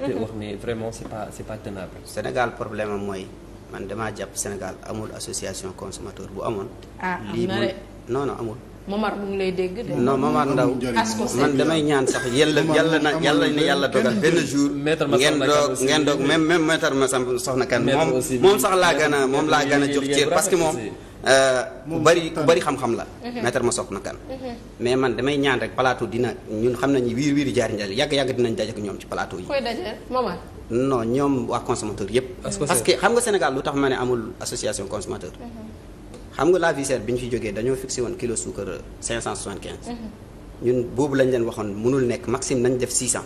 te mhm. wax ne vraiment c'est pas c'est pas tenable. Sénégal problème am mooy man damaa jàpp Sénégal amul association consommateur bu amoon. Ah, lii non non amul. Momar mu ngi lay dégg de. non Momar Ndao man damay ñaan sax yàlla yàlla na yàlla na yàlla dogal benn jour. ngeen doog ngeen doog même ma soxna kan moom moom sax laa gën a moom laa gën a jox cër parce que moom. Euh, ku bari bari xam-xam la. Mhm. maître ma soxna kan. Mhm. mais man damay ñaan rek plateau dina ñun xam nañu wiir wiir jaari njaari yàgg yàgg dinañ daje ñoom ci plateau yi. koy daje Momar. ñoom waa consommateur yëpp. parce que xam nga Sénégal lu tax ma ne amul association consommateur. Mhm. am nga la vie bi ñu fi jógee dañoo fixé woon kilo suukar 575. ñun boobu lañ leen waxoon mënul nekk maximum nañ def 600.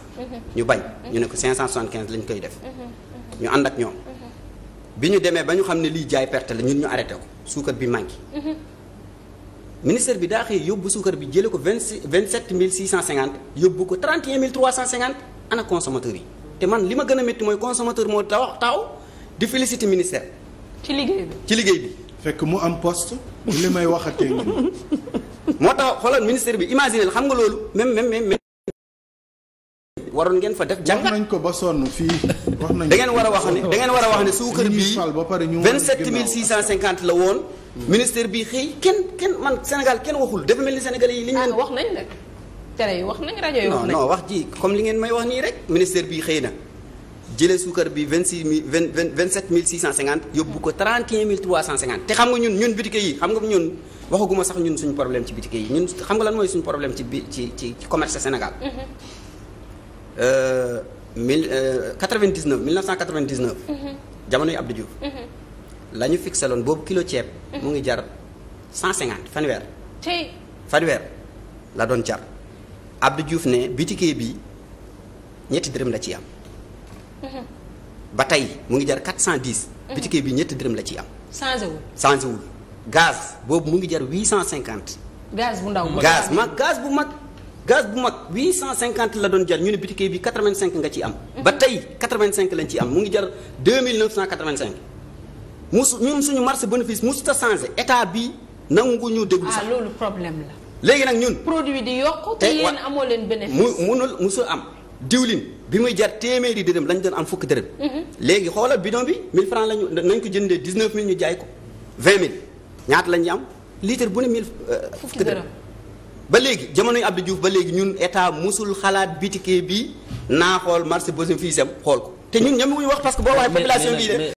ñu bañ ñu ne ko 575 lañ koy def. ñu ànd ak ñoom. bi ñu demee ba ñu xam ne lii jaay perte la ñun ñu arrêté ko suukar bi manqué. ministère bi daa xëy yóbbu suukar bi jëlee ko vingt six vingt sept mille six cent cinquante yóbbu ko trente et un mille trois cent cinquante ana consommateur yi te man li ma gën a métti mooy consommateur moo taw taw di féliciter ministère. ci liggéey ci liggéey bi. fekk mu am poste. li may waxatee ngi moo tax xoolal ministère bi imaginer xam nga loolu même même même. waroon ngeen fa def jàngat wax nañ ko ba sonn fii wax nañ ngeen war wax ne da ngeen war a wax ne suukar bii vingt sept mille six cent cinquante la woon. Mm. ministère bi xëy kenn kenn man Sénégal kenn waxul dafa mel ni Sénégalais yi. li ñu ah, wax nañ nag télé yi wax nañ rajo yi wax nañ. non wax jii comme li ngeen may wax nii rek ministère bi xëy na. jëlee suukar bi vingt six mille vingt vingt vingt sept mille six cent cinquante yóbbu ko trente et un mille trois cent cinquante te xam nga ñun ñun bitike yi xam nga ñun waxaguma sax ñun suñu problème ci bitike yi ñun xam nga lan mooy suñu problème ci bi ci ci commerce Sénégal. Mm-hmm. Euh, mille euh, quatre vingt dix neuf mille neuf cent quatre mm-hmm. jamono yu Abdou Diouf. Mm-hmm. la ñu fixé loon boobu kilo ceeb. mu ngi jar cent cinquante fanweer. tey fanweer la doon jar Abdou juuf ne bitike bi ñetti dërëm la ci am. ba tey mu ngi jar cent 410. Mhm. bitike bi ñetti dërëm la ciy am. changé wul changé wul gaz boobu mu ngi jar cent cinquante gaz bu ndaw gaz mag gaz bu mag. gaz bu mag 850 la doon jar ñu ne bitike bi 85 nga ci am. Mhm. ba tey 85 la ciy am mu ngi jar 2985. musu ñun suñu marché bénéfice musu ta changé état bi nangu ñu déglu sax. Ah, loolu problème la. léegi nag ñun. produit di yokk te yéen amoo leen bénéfice. mu munul musul am. diwlin bi muy jar téeméeri dërëm lañ doon am fukk dërëm. Mhm. léegi xoolal bidon bi 1000 francs lañu nañ ko jëndee 19000 ñu jaay ko 20000 ñaata lañ am litre bu ne 1000. Euh, fukki dërëm ba léegi jamono yu Abdou Diouf ba léegi ñun état musul xalaat bitikee bi naa xool marché bosom fii sam xool ko te ñun ñoom wax parce boo waxee population bi de.